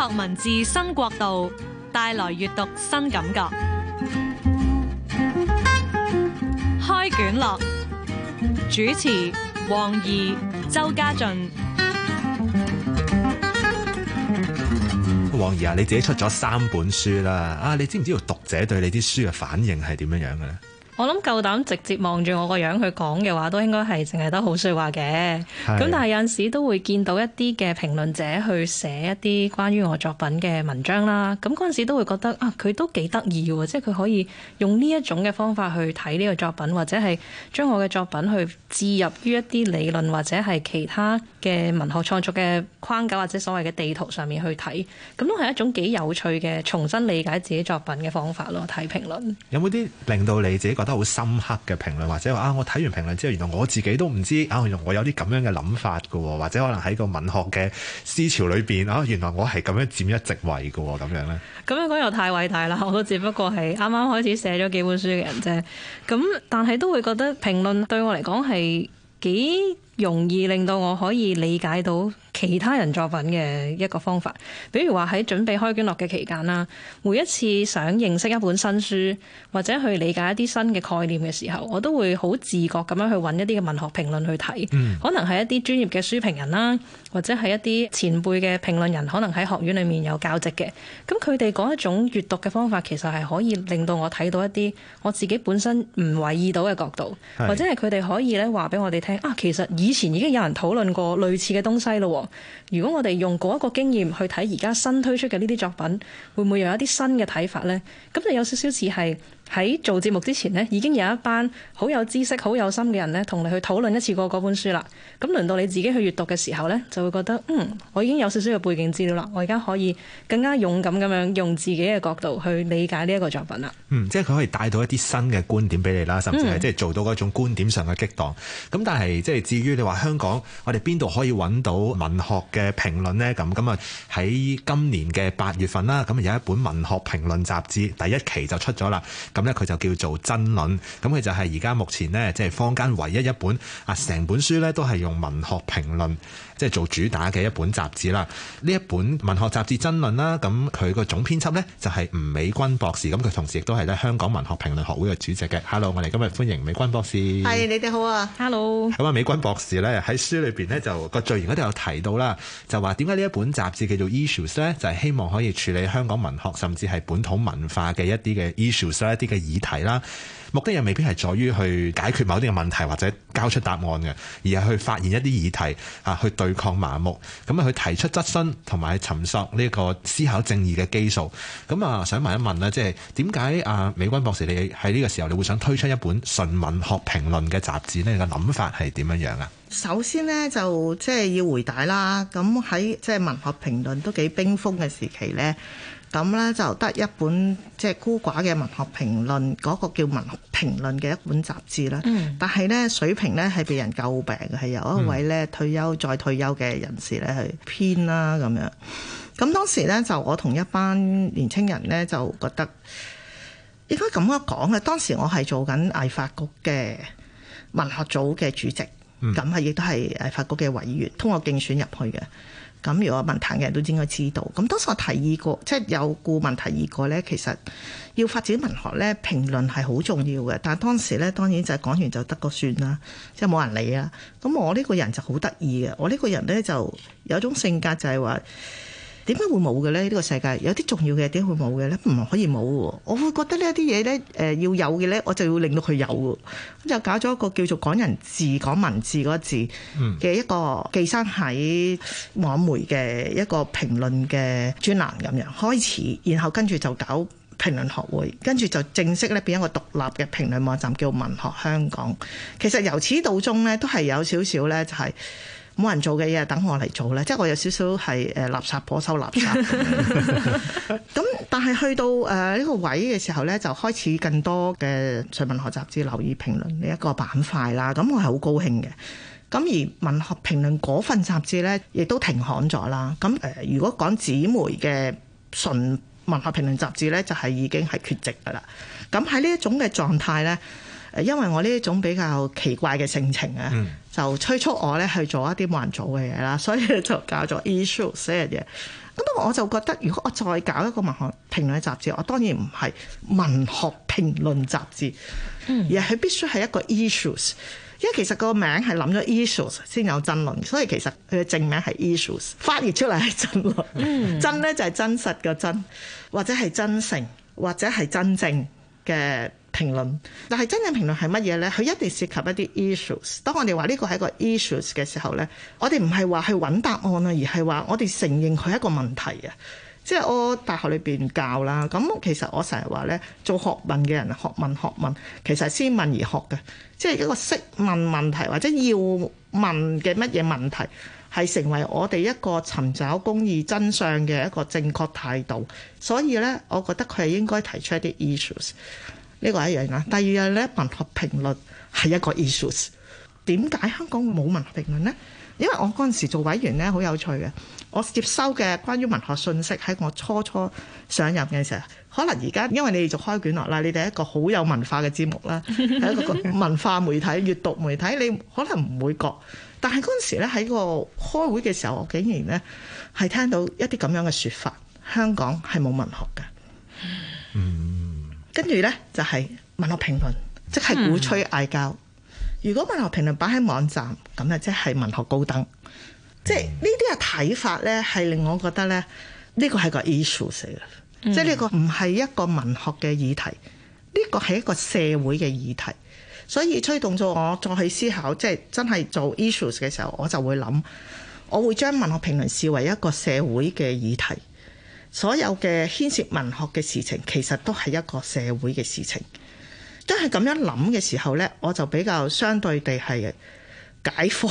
學文字新國度，帶來閱讀新感覺。開卷樂，主持黃怡、周家俊。黃怡啊，你自己出咗三本書啦，啊，你知唔知道讀者對你啲書嘅反應係點樣樣嘅咧？我諗夠膽直接望住我個樣去講嘅話，都應該係淨係得好説話嘅。咁但係有陣時都會見到一啲嘅評論者去寫一啲關於我作品嘅文章啦。咁嗰陣時都會覺得啊，佢都幾得意喎！即係佢可以用呢一種嘅方法去睇呢個作品，或者係將我嘅作品去置入於一啲理論或者係其他嘅文學創作嘅框架或者所謂嘅地圖上面去睇，咁都係一種幾有趣嘅重新理解自己作品嘅方法咯。睇評論有冇啲令到你自己覺得？好深刻嘅評論，或者話啊，我睇完評論之後，原來我自己都唔知啊，原來我有啲咁樣嘅諗法噶，或者可能喺個文學嘅思潮裏邊啊，原來我係咁樣佔一席位噶，咁樣咧？咁樣講又太偉大啦，我都只不過係啱啱開始寫咗幾本書嘅人啫。咁但係都會覺得評論對我嚟講係幾容易，令到我可以理解到。其他人作品嘅一個方法，比如話，喺準備開卷落嘅期間啦，每一次想認識一本新書或者去理解一啲新嘅概念嘅時候，我都會好自覺咁樣去揾一啲嘅文學評論去睇，嗯，可能係一啲專業嘅書評人啦，或者係一啲前輩嘅評論人，可能喺學院裏面有教職嘅，咁佢哋嗰一種閱讀嘅方法其實，係可以令到我睇到一啲我自己本身唔為意到嘅角度，是或者係佢哋可以咧話俾我哋聽啊，其實以前已經有人討論過類似嘅東西咯。如果我哋用嗰一個經驗去睇而家新推出嘅呢啲作品，會唔會有一啲新嘅睇法呢？咁就有少少似係。喺做節目之前呢，已經有一班好有知識、好有心嘅人同你去討論一次過嗰本書啦。咁輪到你自己去閱讀嘅時候呢，就會覺得嗯，我已經有少少嘅背景資料啦，我而家可以更加勇敢咁樣用自己嘅角度去理解呢一個作品啦。嗯，即係佢可以帶到一啲新嘅觀點俾你啦，甚至係即係做到嗰種觀點上嘅激盪。咁、嗯、但係即係至於你話香港，我哋邊度可以揾到文學嘅評論呢？咁咁啊，喺今年嘅八月份啦，咁有一本文學評論雜誌第一期就出咗啦。咁咧佢就叫做真《爭論》，咁佢就係而家目前咧，即係坊間唯一一本啊，成本書咧都係用文學評論，即係做主打嘅一本雜誌啦。呢一本文學雜誌《爭論》啦，咁佢個總編輯咧就係吳美君博士，咁佢同時亦都係咧香港文學評論學會嘅主席嘅。Hello，我哋今日歡迎美君博士。係你哋好啊，Hello。咁啊，美君博士咧喺書裏邊咧就個序言嗰度有提到啦，就話點解呢一本雜誌叫做《Issues》咧，就係、是、希望可以處理香港文學，甚至係本土文化嘅一啲嘅 Issues 啦。嘅議題啦，目的又未必係在於去解決某啲嘅問題或者交出答案嘅，而係去發現一啲議題啊，去對抗麻木。咁啊，去提出質詢同埋尋索呢一個思考正義嘅基礎。咁啊，想問一問咧，即係點解啊，美筠博士你喺呢個時候你會想推出一本純文學評論嘅雜誌咧？你嘅諗法係點樣樣啊？首先呢，就即係、就是、要回答啦。咁喺即係文學評論都幾冰封嘅時期呢。咁咧就得一本即係、就是、孤寡嘅文學評論，嗰、那個叫文學評論嘅一本雜誌啦。Mm. 但係咧水平咧係被人詬病，係由一位咧退休、mm. 再退休嘅人士咧去編啦咁樣。咁當時咧就我同一班年青人咧就覺得應該咁樣講嘅。當時我係做緊藝發局嘅文學組嘅主席，咁係亦都係藝發局嘅委員，通過競選入去嘅。咁如果有問壇嘅人都應該知道，咁當時我提議過，即係有顧問提議過呢，其實要發展文學呢，評論係好重要嘅。但當時呢，當然就係講完就得個算啦，即係冇人理啊。咁我呢個人就好得意嘅，我呢個人呢，就有種性格就係話。點解會冇嘅咧？呢個世界有啲重要嘅，點解會冇嘅咧？唔可以冇喎！我會覺得呢一啲嘢咧，誒要有嘅咧，我就要令到佢有。咁就搞咗一個叫做講人字、講文字嗰個字嘅一個寄生喺網媒嘅一個評論嘅專欄咁樣開始，然後跟住就搞評論學會，跟住就正式咧變一個獨立嘅評論網站叫文學香港。其實由始到終咧，都係有少少咧，就係。冇人做嘅嘢等我嚟做呢。即係我有少少係誒垃圾婆收垃圾。咁 但係去到誒呢個位嘅時候呢，就開始更多嘅純文學雜誌留意評論呢一個板塊啦。咁我係好高興嘅。咁而文學評論嗰份雜誌呢，亦都停刊咗啦。咁誒，如果講紙媒嘅純文學評論雜誌呢，就係、是、已經係缺席噶啦。咁喺呢一種嘅狀態呢。因為我呢一種比較奇怪嘅性情咧、嗯，就催促我咧去做一啲冇人做嘅嘢啦，所以就搞咗 issues 呢樣嘢。咁我就覺得，如果我再搞一個文學評論雜誌，我當然唔係文學評論雜誌，而係佢必須係一個 issues。因為其實個名係諗咗 issues 先有真論，所以其實佢嘅正名係 issues，翻譯出嚟係真論。嗯、真咧就係真實嘅真，或者係真誠，或者係真正嘅。評論，但係真正評論係乜嘢呢？佢一定涉及一啲 issues。當我哋話呢個係一個 issues 嘅時候呢，我哋唔係話去揾答案啊，而係話我哋承認佢一個問題啊。即係我大學裏邊教啦，咁其實我成日話呢，做學問嘅人學問學問，其實是先問而學嘅，即係一個識問問題或者要問嘅乜嘢問題，係成為我哋一個尋找公義真相嘅一個正確態度。所以呢，我覺得佢係應該提出一啲 issues。呢、這個一樣啊。第二又咧，文學評論係一個 issues。點解香港會冇文學評論呢？因為我嗰陣時做委員咧，好有趣嘅。我接收嘅關於文學信息喺我初初上任嘅時候，可能而家因為你哋做開卷樂啦，你哋一個好有文化嘅節目啦，係 一個文化媒體、閱讀媒體，你可能唔會覺。但係嗰陣時咧，喺個開會嘅時候，我竟然咧係聽到一啲咁樣嘅説法，香港係冇文學㗎。嗯。跟住咧就係文學評論，即係鼓吹嗌交。如果文學評論擺喺網站，咁啊即係文學高登。即係呢啲嘅睇法咧，係令我覺得咧，呢個係個 issues 嚟嘅，即係呢個唔係一個文學嘅議題，呢個係一個社會嘅議題，所以推動咗我再去思考，即係真係做 issues 嘅時候，我就會諗，我會將文學評論視為一個社會嘅議題。所有嘅牽涉文學嘅事情，其實都係一個社會嘅事情。但係咁樣諗嘅時候呢，我就比較相對地係解放。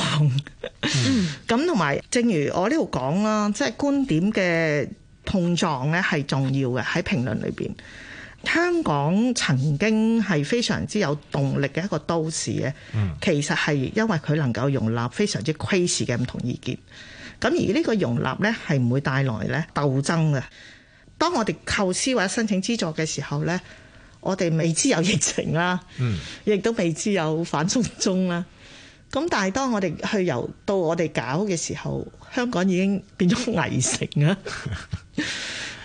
咁同埋，正如我呢度講啦，即係觀點嘅碰撞咧係重要嘅，喺評論裏邊。香港曾經係非常之有動力嘅一個都市嘅、嗯，其實係因為佢能夠容納非常之龜視嘅唔同意見。咁而呢個容納呢，係唔會帶來呢鬥爭嘅。當我哋構思或者申請資助嘅時候呢，我哋未知有疫情啦、嗯，亦都未知有反送中啦。咁但係當我哋去由到我哋搞嘅時候，香港已經變咗危城啦。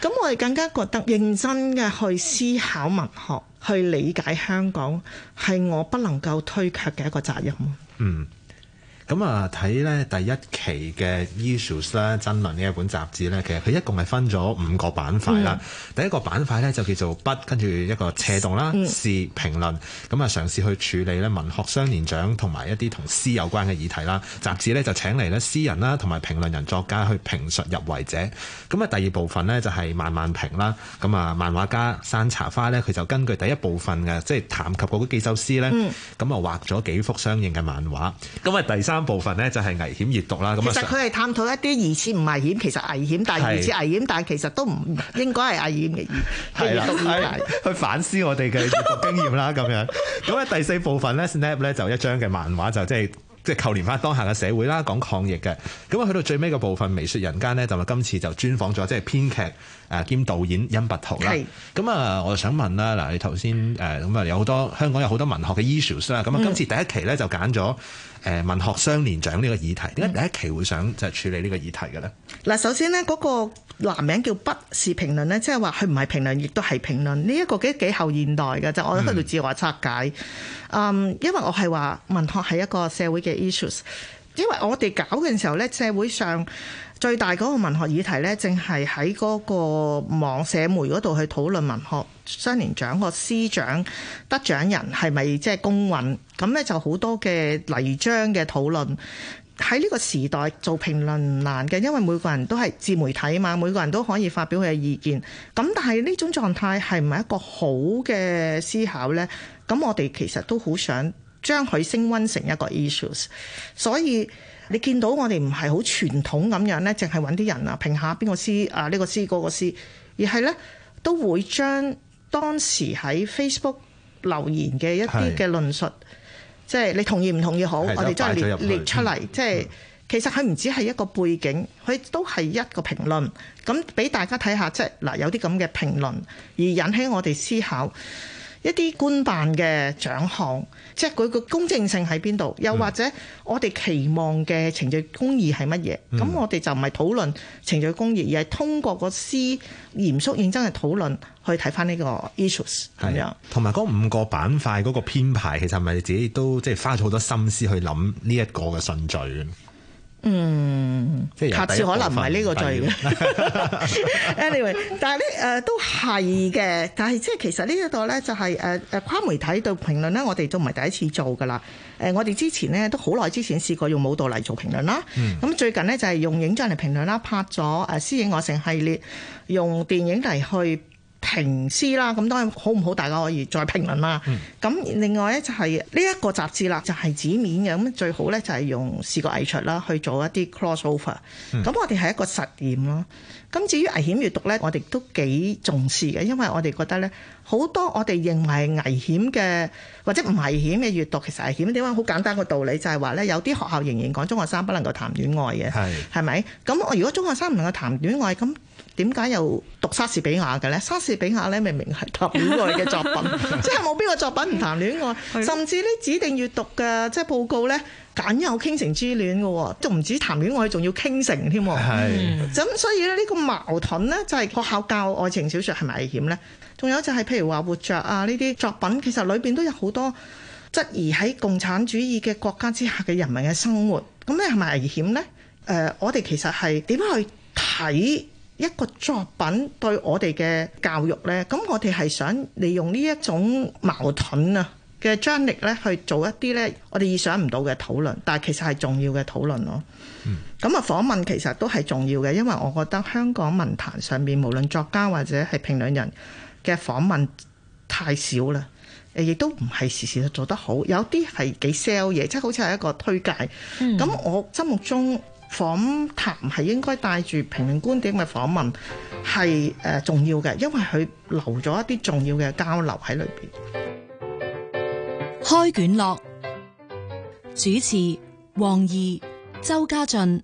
咁 我哋更加覺得認真嘅去思考文學，去理解香港係我不能夠推卻嘅一個責任，嗯。咁啊，睇咧第一期嘅《Issues》啦，真論呢一本雜誌咧，其實佢一共係分咗五個版塊啦、嗯。第一個版塊咧就叫做筆，跟住一個斜動啦，是評論，咁啊嘗試去處理咧文學雙年獎，同埋一啲同詩有關嘅議題啦。雜誌咧就請嚟咧詩人啦，同埋評論人作家去評述入圍者。咁啊，第二部分咧就係漫漫評啦。咁啊，漫畫家山茶花咧，佢就根據第一部分嘅即係談及嗰幾首詩咧，咁啊畫咗幾幅相應嘅漫畫，咁啊，第三。三部分咧就係危險閱讀啦。咁其實佢係探討一啲疑似唔危險，其實危險，但係疑似危險，但係其實都唔應該係危險嘅係啊，去反思我哋嘅閱讀經驗啦。咁 樣，咁啊，第四部分咧 ，Snap 咧就一張嘅漫畫，就即係即係扣連翻當下嘅社會啦，講抗疫嘅。咁啊，去到最尾嘅部分，微說人間咧，就係今次就專訪咗即係編劇誒兼導演甄拔濤啦。咁啊，我就想問啦嗱，你頭先誒咁啊，有好多香港有好多文學嘅 issues 啦。咁啊，今次第一期咧就揀咗。誒文學雙年獎呢個議題，點解第一期會想就處理呢個議題嘅咧？嗱、嗯，首先咧嗰個男名叫不是評論咧，即係話佢唔係評論，亦都係評論。呢一、呢個幾後現代嘅，就是、我喺度自我拆解。嗯，因為我係話文學係一個社會嘅 issues。因為我哋搞嘅時候呢，社會上最大嗰個文學議題呢，正係喺嗰個網社媒嗰度去討論文學雙年獎個司長得獎人係咪即係公允？咁呢就好多嘅泥漿嘅討論。喺呢個時代做評論唔難嘅，因為每個人都係自媒體嘛，每個人都可以發表佢嘅意見。咁但係呢種狀態係唔係一個好嘅思考呢？咁我哋其實都好想。將佢升溫成一個 issues，所以你見到我哋唔係好傳統咁樣咧，淨係揾啲人評 C，啊評下邊個師啊呢個師嗰個師，而係呢都會將當時喺 Facebook 留言嘅一啲嘅論述，即係、就是、你同意唔同意好，我哋將列列出嚟，即、就、係、是、其實佢唔只係一個背景，佢都係一個評論，咁俾大家睇下即係嗱有啲咁嘅評論而引起我哋思考。一啲官辦嘅獎項，即係佢個公正性喺邊度？又或者我哋期望嘅程序公義係乜嘢？咁、嗯、我哋就唔係討論程序公義，而係通過個師嚴肅認真嘅討論去睇翻呢個 issues 係啊，同埋嗰五個板塊嗰、嗰個編排，其實係咪你自己都即係花咗好多心思去諗呢一個嘅順序？嗯，下次可能唔係呢個罪的。 Anyway，但係咧、呃、都係嘅，但係即係其實呢一度咧就係誒誒跨媒體度評論咧，我哋都唔係第一次做㗎啦、呃。我哋之前咧都好耐之前試過用舞蹈嚟做評論啦。咁、嗯、最近咧就係用影像嚟評論啦，拍咗《私影我城》系列，用電影嚟去評詩啦，咁當然好唔好，大家可以再評論啦。咁、嗯、另外咧就係呢一個雜誌啦，就係紙面嘅，咁最好咧就係用視覺藝術啦去做一啲 cross over。咁、嗯、我哋係一個實驗咯。咁至於危險閱讀咧，我哋都幾重視嘅，因為我哋覺得咧好多我哋認為危險嘅或者唔危險嘅閱讀，其實危險。點解？好簡單個道理就係話咧，有啲學校仍然講中學生不能夠談戀愛嘅，係咪？咁我如果中學生唔能夠談戀愛，咁點解又讀莎士比亞嘅咧？莎士比下咧，明明係談戀愛嘅作品， 即係冇邊個作品唔談戀愛， 甚至呢指定閱讀嘅即係報告呢，揀有傾城之戀嘅，仲唔止談戀愛，仲要傾城添。係，咁所以呢個矛盾呢，就係學校教愛情小說係咪危險呢？仲有就係譬如話活着啊呢啲作品，其實裏面都有好多質疑喺共產主義嘅國家之下嘅人民嘅生活，咁呢係咪危險呢？誒、呃，我哋其實係點去睇？一個作品對我哋嘅教育呢，咁我哋係想利用呢一種矛盾啊嘅張力呢去做一啲呢我哋意想唔到嘅討論，但係其實係重要嘅討論咯。咁、嗯、啊訪問其實都係重要嘅，因為我覺得香港文壇上面，無論作家或者係評論人嘅訪問太少啦，亦都唔係時時都做得好，有啲係幾 sell 嘢，即、就、係、是、好似係一個推介。咁、嗯、我心目中。訪談係應該帶住評論觀點嘅訪問係，誒、呃、重要嘅，因為佢留咗一啲重要嘅交流喺裏邊。開卷樂，主持黃怡、周家俊。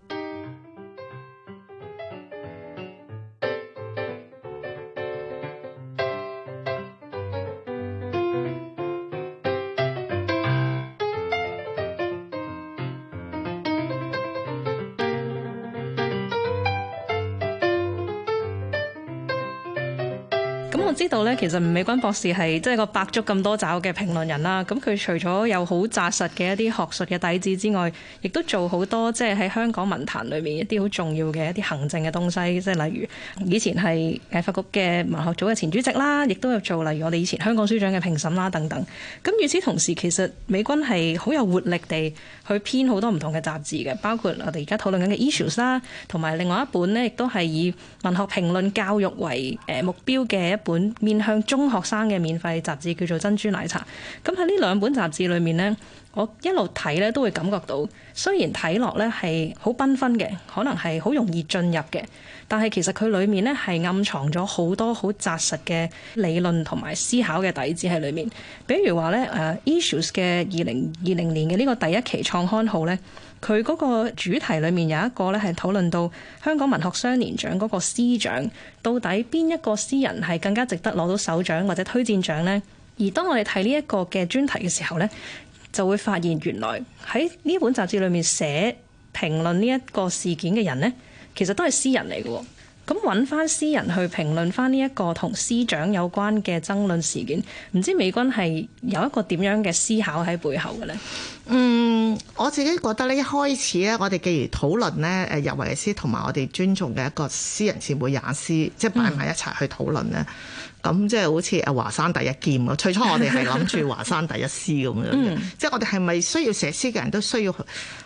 我知道咧，其實美筠博士係即係個百足咁多爪嘅評論人啦。咁佢除咗有好紮實嘅一啲學術嘅底子之外，亦都做好多即係喺香港文壇裏面一啲好重要嘅一啲行政嘅東西。即係例如以前係藝發局嘅文學組嘅前主席啦，亦都有做。例如我哋以前香港書獎嘅評審啦等等。咁與此同時其實美筠係好有活力地去編好多唔同嘅雜誌嘅，包括我哋而家討論緊嘅《ISSUES》啦，同埋另外一本咧，亦都係以文學評論教育為誒目標嘅一本。面向中學生嘅免費雜誌叫做《珍珠奶茶》，咁喺呢兩本雜誌裏面呢，我一路睇呢都會感覺到，雖然睇落呢係好繽紛嘅，可能係好容易進入嘅，但係其實佢裏面呢係暗藏咗好多好紮實嘅理論同埋思考嘅底子喺裏面。比如話呢，誒嗯 uh，《Issues》嘅二零二零年嘅呢個第一期創刊號呢。佢嗰個主題裏面有一個咧，係討論到香港文學雙年獎嗰個詩獎，到底邊一個詩人係更加值得攞到首獎或者推薦獎呢？而當我哋睇呢一個嘅專題嘅時候呢，就會發現原來喺呢本雜誌裏面寫評論呢一個事件嘅人呢，其實都係詩人嚟嘅。咁揾翻詩人去評論翻呢一個同司長有關嘅爭論事件，唔知道美筠係有一個點樣嘅思考喺背後嘅咧？嗯，我自己覺得呢，一開始咧，我哋既然討論呢，誒入圍嘅詩同埋我哋尊重嘅一個詩人事會也斯，即係擺埋一齊去討論呢。咁、嗯、即係好似阿華山第一劍咯。最初我哋係諗住華山第一詩咁 樣即係我哋係咪需要寫詩嘅人都需要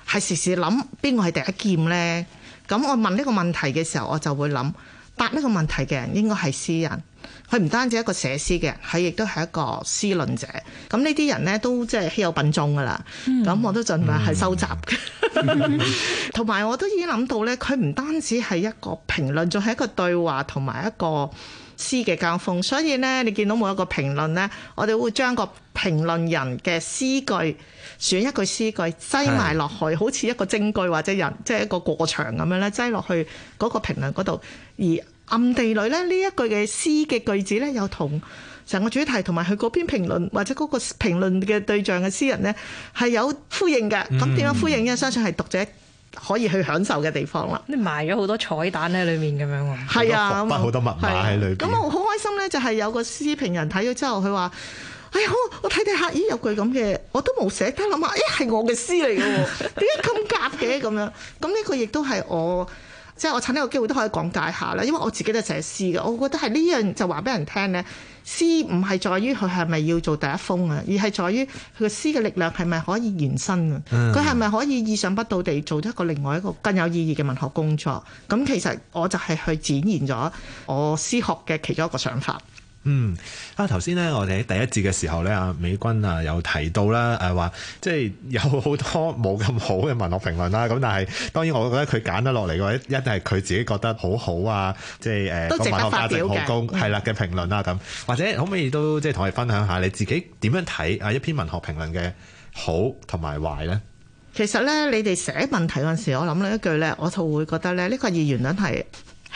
係時時諗邊個係第一劍呢？咁我問呢個問題嘅時候，我就會諗答呢個問題嘅人應該係詩人，佢唔單止一個寫詩嘅人，佢亦都係一個詩論者。咁呢啲人呢，都即係稀有品種㗎啦。咁、嗯、我都盡量係收集嘅，同 埋我都已經諗到呢，佢唔單止係一個評論，仲係一個對話同埋一個詩嘅交鋒，所以呢，你見到每一個評論呢，我哋會將個評論人嘅詩句，選一句詩句擠埋落去，好似一個證據或者人，即係一個過場咁樣咧，擠落去嗰個評論嗰度。而暗地裏咧，呢一句嘅詩嘅句子呢，又同成個主題同埋佢嗰篇評論或者嗰個評論嘅對象嘅詩人呢，係有呼應嘅。咁、嗯、點樣呼應呢？相信係讀者。可以去享受嘅地方啦，你埋咗好多彩蛋喺裏面咁樣喎，係啊，揼好多伏筆、啊、好多密碼喺裏邊。咁、啊、我好開心咧，就係有個詩評人睇咗之後，佢話：哎呀，我睇睇下咦有句咁嘅，我都冇寫得了，諗下咦，係我嘅詩嚟嘅喎，點解咁夾嘅咁樣？咁 呢個亦都係我即係、就是、我趁呢個機會都可以講解一下咧，因為我自己都寫詩嘅，我覺得係呢樣就話俾人聽咧。詩唔係在於佢係咪要做第一封啊，而係在於佢嘅詩嘅力量係咪可以延伸啊？佢係咪可以意想不到地做一個另外一個更有意義嘅文學工作？咁其實我就係去展現咗我詩學嘅其中一個想法。嗯，啊，頭先咧，我哋喺第一節嘅時候咧，啊，美筠啊，有提到啦，誒，話即係有好多冇咁好嘅文學評論啦，咁但係當然我覺得佢揀得落嚟嘅話一定係佢自己覺得好好啊，即係誒文學價值好高係啦嘅評論啦咁，或者可唔可以都即係同我哋分享下你自己點樣睇啊一篇文學評論嘅好同埋壞咧？其實咧，你哋寫問題嗰陣時，我諗到一句咧，我就會覺得咧，呢個二元論係。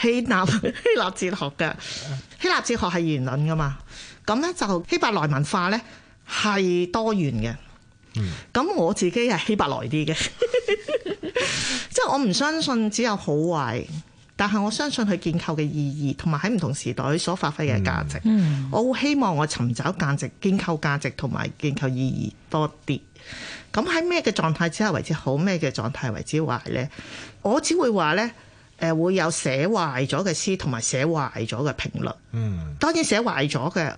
希臘希臘哲學嘅希臘哲學係言論噶嘛？咁咧就希伯來文化，咧係多元嘅。咁、嗯、我自己係希伯來啲嘅， 即係我唔相信只有好壞，但係我相信佢建構嘅意義同埋喺唔同時代所發揮嘅價值。嗯、我好希望我尋找價值、建構價值同埋建構意義多啲。咁喺咩嘅狀態之下為之好？咩嘅狀態為之壞咧？我只會話咧。誒會有寫壞咗嘅詩，同埋寫壞咗嘅評論。嗯，當然寫壞咗嘅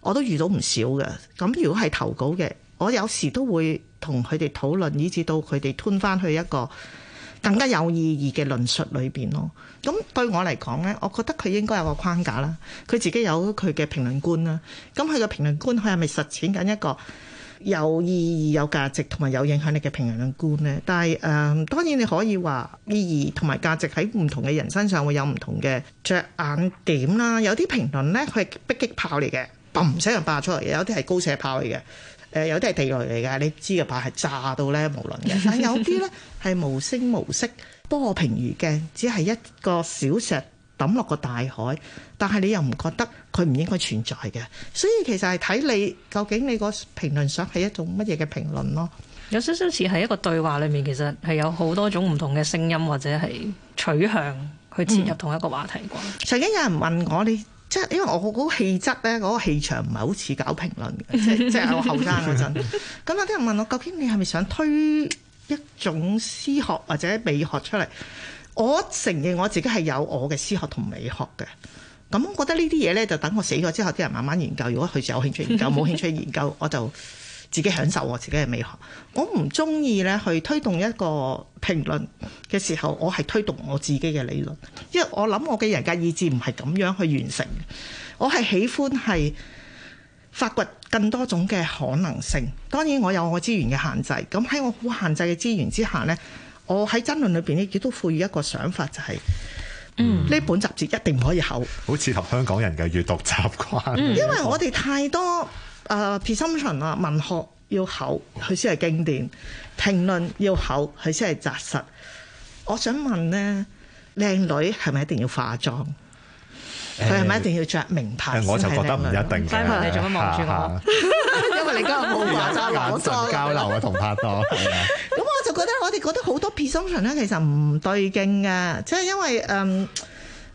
我都遇到唔少嘅。咁如果係投稿嘅，我有時都會同佢哋討論，以至到佢哋吞返去一個更加有意義嘅論述裏邊咯。咁對我嚟講呢，我覺得佢應該有個框架啦。佢自己有佢嘅評論觀啦。咁佢嘅評論觀，佢係咪實踐緊一個？有意義、有價值同埋有影響力嘅評論觀呢？但係誒、呃、當然你可以話意義同埋價值喺唔同嘅人身上會有唔同嘅着眼點啦。有啲評論呢，佢係迫擊炮嚟嘅，嘣唔使人爆出嚟；有啲係高射炮嚟嘅，誒有啲係地雷嚟嘅，你知嘅怕係炸到呢，無論嘅。但有啲呢，係無聲無息，波平如鏡，只係一個小石抌落個大海，但係你又唔覺得？佢唔應該存在嘅，所以其實係睇你究竟你個評論想係一種乜嘢嘅評論咯。有少少似係一個對話裏面，其實係有好多種唔同嘅聲音或者係取向去切入同一個話題啩。嗯、曾經有人問我，你即係因為我好好氣質呢，嗰、嗰個氣場唔係好似搞評論嘅，即係即我後生嗰陣。咁有啲人問我，究竟你係咪想推一種詩學或者美學出嚟？我承認我自己係有我嘅詩學同美學嘅。咁我覺得呢啲嘢呢，就等我死咗之後，啲人慢慢研究。如果佢有興趣研究，冇興趣研究，我就自己享受我自己嘅美學。 我唔中意呢去推動一個評論嘅時候，我係推動我自己嘅理論。因為我諗我嘅人格意志唔係咁樣去完成。我係喜歡係發掘更多種嘅可能性。當然我有我資源嘅限制。咁喺我好限制嘅資源之下呢，我喺爭論裏邊呢，亦都賦予一個想法，就係。嗯，呢本雜誌一定唔可以厚，好似合香港人嘅閱讀習慣。嗯、因為我哋太多誒，fiction、uh, 文學要厚，佢先係經典；評論要厚，佢先係紮實。我想問咧，靚女係咪一定要化妝？佢係咪一定要着名牌？我就覺得唔一定嘅。想你做乜望住我？啊、 因為你今日冇化妝，眼神交流啊，同 他多。你覺得好多 person 呢，其實唔對勁嘅，即係因為嗯，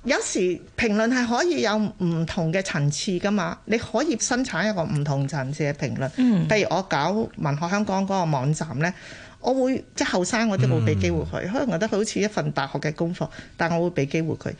有時評論係可以有唔同嘅層次噶嘛。你可以生產一個唔同層次嘅評論。嗯，譬如我搞文學香港嗰個網站咧。我會即後生我都冇俾機會佢、嗯，可能我覺得佢好似一份大學嘅功課，但我會俾機會佢。呢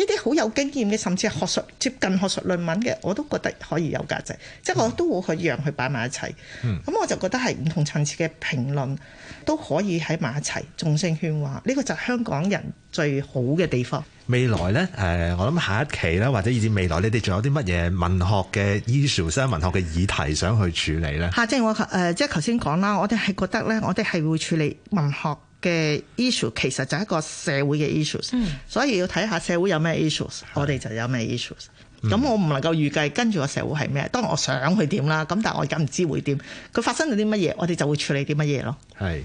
啲好有經驗嘅，甚至係學術接近學術論文嘅，我都覺得可以有價值，嗯、即是我都會去讓佢擺埋一齊。咁、嗯、我就覺得係唔同層次嘅評論都可以喺埋一齊，眾聲喧嘩。呢、呢個就係香港人，最好嘅地方，未來呢？誒、呃，我諗下一期啦，或者以至未來，你哋仲有啲乜嘢文學嘅 issues，文學嘅議題想去處理呢？啊、呃，即係我誒，即係頭先講啦，我哋係覺得咧，我哋係會處理文學嘅 issue，其實就係一個社會嘅 issues，嗯、所以要睇下社會有咩 issues，我哋就有咩 issues。咁我唔能夠預計跟住個社會係咩，當然我想佢點啦。咁但係我而家唔知會點，佢發生咗啲乜嘢，我哋就會處理啲乜嘢咯。係。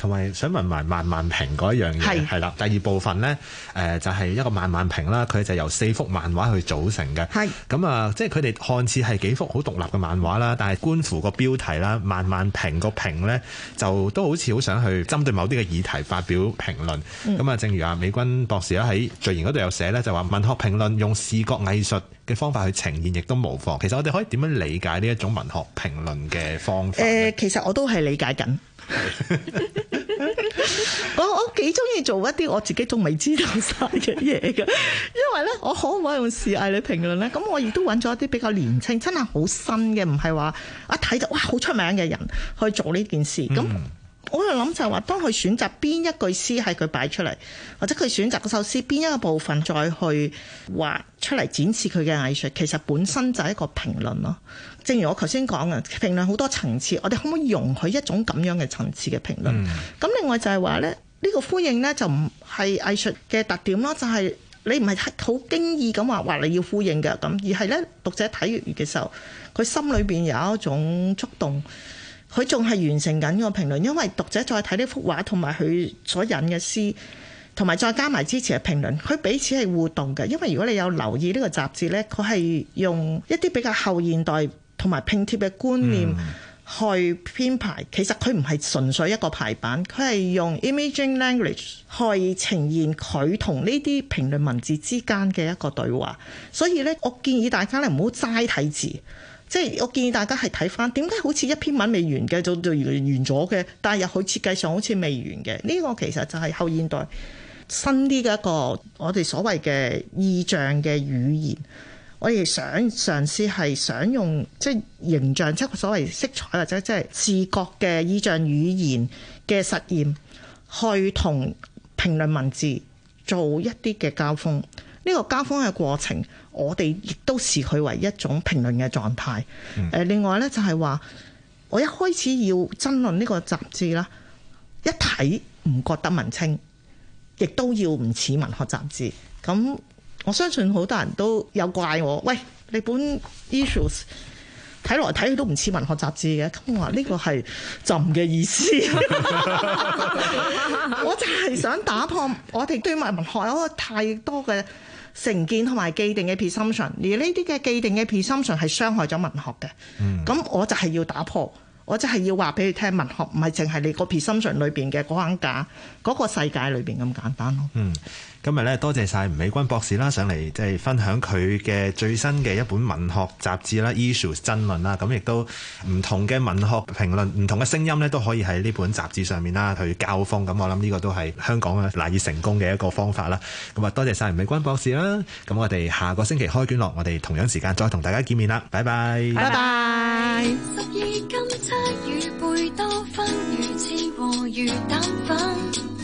同埋想問埋慢慢評嗰一樣嘢，係啦。第二部分呢誒、呃、就係、是、一個慢慢評啦，佢就由四幅漫畫去組成嘅。咁啊，即係佢哋看似係幾幅好獨立嘅漫畫啦，但係觀乎個標題啦，慢慢評個評呢，就都好似好想去針對某啲嘅議題發表評論。咁、嗯、啊，正如啊美筠博士喺序言嗰度有寫呢，就話文學評論用視覺藝術。嘅方法去呈現，亦都無妨。其實我哋可以點樣理解呢一種文學評論嘅方法？誒、呃，其實我都係理解緊。 我我幾中意做一啲我自己仲未知道晒嘅嘢嘅，因為咧，我可唔可以用視藝嚟評論咧？咁我亦都揾咗一啲比較年青、真係好新嘅，唔係話一睇到哇好出名嘅人去做呢件事咁。嗯我就諗就係話，當佢選擇邊一句詩係佢擺出嚟，或者佢選擇嗰首詩邊一個部分再去畫出嚟展示佢嘅藝術，其實本身就係一個評論咯。正如我頭先講嘅評論好多層次，我哋可唔可以容許一種咁樣嘅層次嘅評論？咁、mm. 另外就係話咧，呢、呢個呼應咧就唔係藝術嘅特點咯，就係、是、你唔係好經意咁話話你要呼應嘅咁，而係咧讀者睇完嘅時候，佢心裏邊有一種觸動。佢仲係完成緊個評論，因為讀者再睇呢幅畫同埋佢所引嘅詩，同埋再加埋之前嘅評論，佢彼此係互動嘅。因為如果你有留意呢個雜誌呢，佢係用一啲比較後現代同埋拼貼嘅觀念去編排。嗯，其實佢唔係純粹一個排版，佢係用 imaging language 去呈現佢同呢啲評論文字之間嘅一個對話。所以呢，我建議大家咧唔好齋睇字。即係我建議大家係睇翻，點解好似一篇文未完嘅就完咗嘅，但係入去設計上好似未完嘅。呢個其實就係後現代新啲嘅一個我哋所謂嘅意象嘅語言。我哋想嘗試，係想用即係形象，即係所謂色彩，或者即係視覺嘅意象語言嘅實驗，去同評論文字做一啲嘅交鋒。呢、這個交鋒嘅過程，我哋亦都視佢為一種評論嘅狀態。誒、嗯，另外呢，就係、是、話，我一開始要爭論呢個雜誌啦，一睇唔覺得文青，亦都要唔似文學雜誌。咁我相信好多人都有怪我，喂，你本 Issues 睇來睇去都唔似文學雜誌嘅。咁我話呢、這個係朕嘅意思， 我就係想打破我哋對埋文學有個太多嘅。成見同埋既定嘅 presumption 而呢啲嘅既定嘅 presumption 係傷害咗文學嘅。咁、嗯、我就係要打破，我就係要話俾你聽，文學唔係淨係你個 presumption 裏邊嘅框架嗰個世界裏邊咁簡單咯。嗯今日咧，多謝曬吳美筠博士啦，上嚟即係分享佢嘅最新嘅一本文學雜誌啦，mm-hmm.《Issues 爭論》啦，咁亦都唔同嘅文學評論、唔同嘅聲音咧，都可以喺呢本雜誌上面啦去交鋒。咁我諗呢個都係香港啊難以成功嘅一個方法啦。咁啊，多謝曬吳美筠博士啦。咁我哋下個星期開卷落，我哋同樣時間再同大家見面啦。拜拜，拜拜。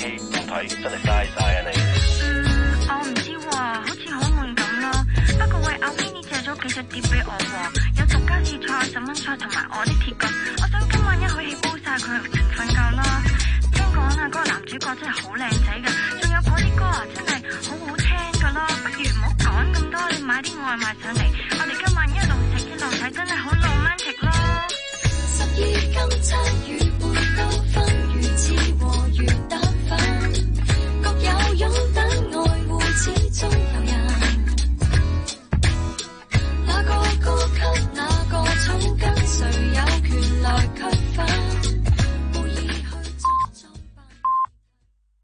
睇真係嘥晒啊你！嗯，我唔知喎，好似好悶咁咯。不過喂，阿 Winnie 借咗幾隻碟俾我喎，有獨家試菜、十蚊菜同埋我啲鐵角。我想今晚一口氣煲晒佢，瞓覺啦。聽講啊，嗰個男主角真係好靚仔噶，仲有嗰啲歌啊，真係好好聽噶咯。不如唔好講咁多，你買啲外賣上嚟，我哋今晚一路食一路睇，真係好浪漫噶。十二金釵。